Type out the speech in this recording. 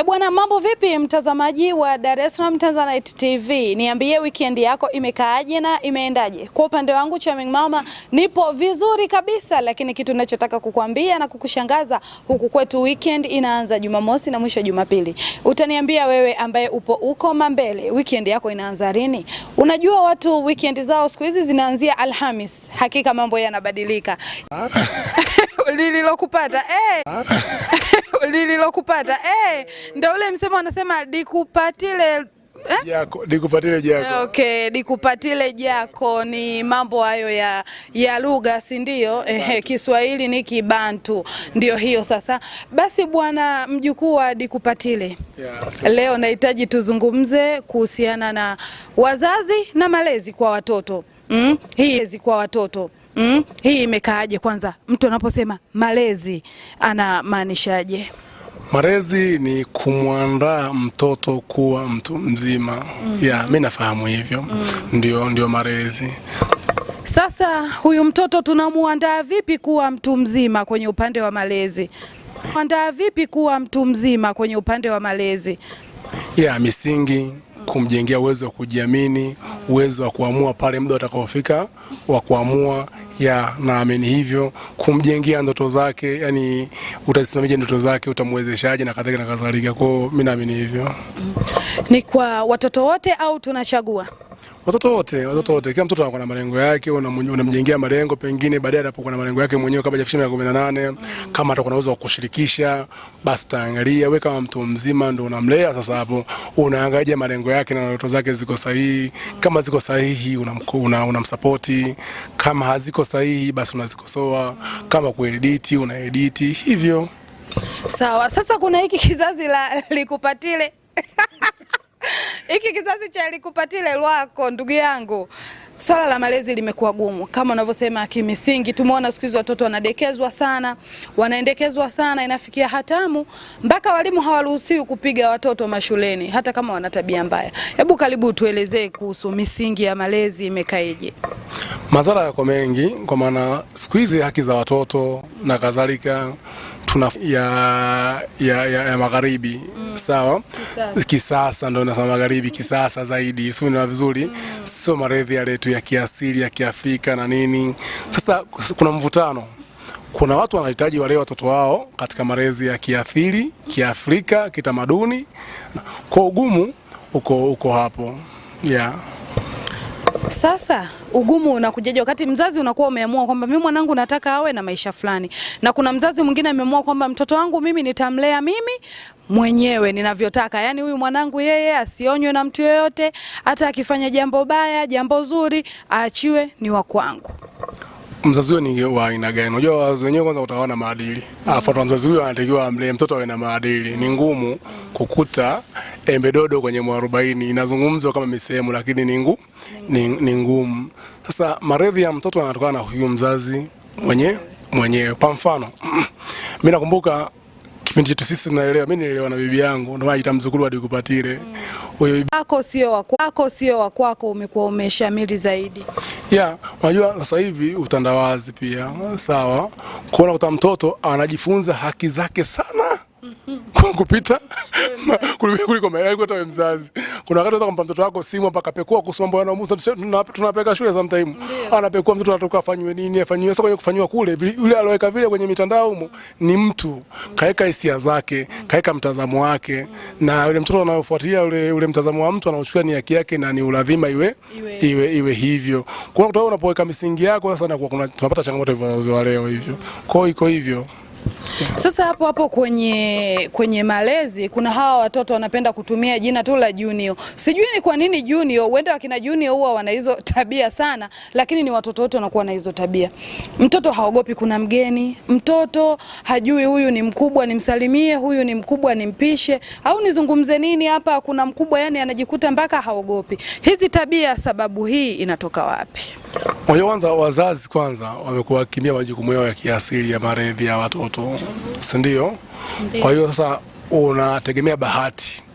E bwana, mambo vipi mtazamaji wa Dar es Salaam Tanzanite TV? Niambie weekend yako imekaaje na imeendaje? Kwa upande wangu Charming Mama nipo vizuri kabisa, lakini kitu ninachotaka kukuambia na kukushangaza huku kwetu weekend inaanza Jumamosi na mwisho Jumapili. Utaniambia wewe ambaye upo uko mambele, weekend yako inaanza lini? Unajua watu weekend zao siku hizi zinaanzia Alhamis. Hakika mambo yanabadilika. Ah. Lililokupata eh. Ah. Lili kupata eh, ndio ule msemo anasema dikupatile Eh? dikupatile jako. Okay, dikupatile jako ni mambo hayo ya, ya lugha si ndio? Eh, Kiswahili ni Kibantu ndio hiyo sasa. Basi bwana mjukuu wa dikupatile yeah, leo nahitaji tuzungumze kuhusiana na wazazi na malezi kwa watoto mm? Hii kwa watoto mm? Hii imekaaje? Kwanza mtu anaposema malezi anamaanishaje? Malezi ni kumwandaa mtoto kuwa mtu mzima. mm -hmm. Ya, mi nafahamu hivyo. mm -hmm. Ndio, ndio malezi. Sasa huyu mtoto tunamuandaa vipi kuwa mtu mzima kwenye upande wa malezi? mwandaa vipi kuwa mtu mzima kwenye upande wa malezi? Ya, misingi kumjengea uwezo wa kujiamini, uwezo wa kuamua pale muda utakaofika wa kuamua ya naamini hivyo, kumjengea ndoto zake, yani utasimamije ndoto zake, utamwezeshaje na kadhalika na kadhalika. Kwao mimi naamini hivyo. Ni kwa watoto wote au tunachagua? Watoto wote, watoto wote, kila mtoto anakuwa na malengo yake, unamjengea malengo, pengine baadaye anapokuwa na malengo yake mwenyewe kabla hajafikisha miaka 18, kama atakuwa na uwezo wa kushirikisha, basi utaangalia wewe kama mtu mzima ndio unamlea sasa. Hapo unaangalia malengo yake na ndoto zake ziko sahihi. Kama ziko sahihi, unamsapoti una, una kama haziko sahihi, basi unazikosoa. Kama kuediti, unaediti hivyo. Sawa. Sasa kuna hiki kizazi la Likupatile hiki kizazi cha likupatile lwako ndugu yangu Swala la malezi limekuwa gumu kama unavyosema kimisingi. Tumeona siku hizi watoto wanadekezwa sana, wanaendekezwa sana, inafikia hatamu mpaka walimu hawaruhusiwi kupiga watoto mashuleni hata kama wana tabia mbaya. Hebu karibu tuelezee kuhusu misingi ya malezi imekaeje? Madhara yako mengi, kwa maana siku hizi haki za watoto na kadhalika tuna ya, ya, ya, ya magharibi mm. Sawa, kisasa, kisasa ndio nasema magharibi kisasa zaidi, sio na vizuri mm. Sio maradhi yale yetu ya kiasili ya Kiafrika na nini. Sasa kuna mvutano kuna watu wanahitaji wale watoto wao katika malezi ya kiathiri Kiafrika kitamaduni, kwa ugumu uko uko hapo yeah. Sasa ugumu unakujaje wakati mzazi unakuwa umeamua kwamba mimi mwanangu nataka awe na maisha fulani, na kuna mzazi mwingine ameamua kwamba mtoto wangu mimi nitamlea mimi mwenyewe ninavyotaka, yani huyu mwanangu yeye asionywe na mtu yoyote, hata akifanya jambo baya, jambo zuri aachiwe, ni wa kwangu mzazi huyo ni wa aina gani? Unajua wazazi wenyewe kwanza utaona maadili mm. mzazi huyo anatakiwa amlee mtoto awe na maadili. Ni ngumu kukuta embe dodo kwenye mwarobaini, inazungumzwa kama misemo, lakini ni ningu, ni ngumu. Sasa maradhi ya mtoto yanatokana na huyu mzazi mwenye mwenyewe. Kwa mfano mimi nakumbuka kipindi chetu sisi tunaelewa, mimi nilielewa na bibi yangu, ndio maana itamzukuru hadi kupatile. Huyo mm. bibi yako sio wa kwako, sio wa kwako, umekuwa umeshamili zaidi Yeah, unajua sasa hivi utandawazi pia sawa, kuona kuta mtoto anajifunza haki zake sana mhm. kupita kuliko mzazi. Kuna wakati unataka kumpa mtoto wako simu mpaka pekua kuhusu mambo yanaumuza, Tunapeka shule za mtaimu, anapekua mtoto anatoka afanywe nini afanywe. Sasa kwenye kufanywa kule, yule aloweka vile kwenye mitandao humo ni mtu kaeka hisia zake, kaeka mtazamo wake, na yule mtoto anayofuatilia yule yule mtazamo wa mtu anaochukua ni haki yake na ni ulazima iwe iwe iwe hivyo. Kwa hiyo unapoweka misingi yako sasa, na kuna tunapata changamoto hizo za leo hivyo, kwa hiyo iko hivyo. Sasa hapo hapo kwenye, kwenye malezi kuna hawa watoto wanapenda kutumia jina tu la Junior. Sijui ni kwa nini Junior, huenda wakina Junior huwa wana hizo tabia sana, lakini ni watoto wote wanakuwa na hizo tabia. Mtoto haogopi kuna mgeni, mtoto hajui huyu ni mkubwa nimsalimie, huyu ni mkubwa nimpishe, au nizungumze nini hapa, kuna mkubwa, yani anajikuta mpaka haogopi. Hizi tabia, sababu hii inatoka wapi? Moja, kwanza wazazi kwanza wamekuwa kimia majukumu yao ya kiasili ya malezi ya watoto si ndio? Kwa hiyo sasa unategemea bahati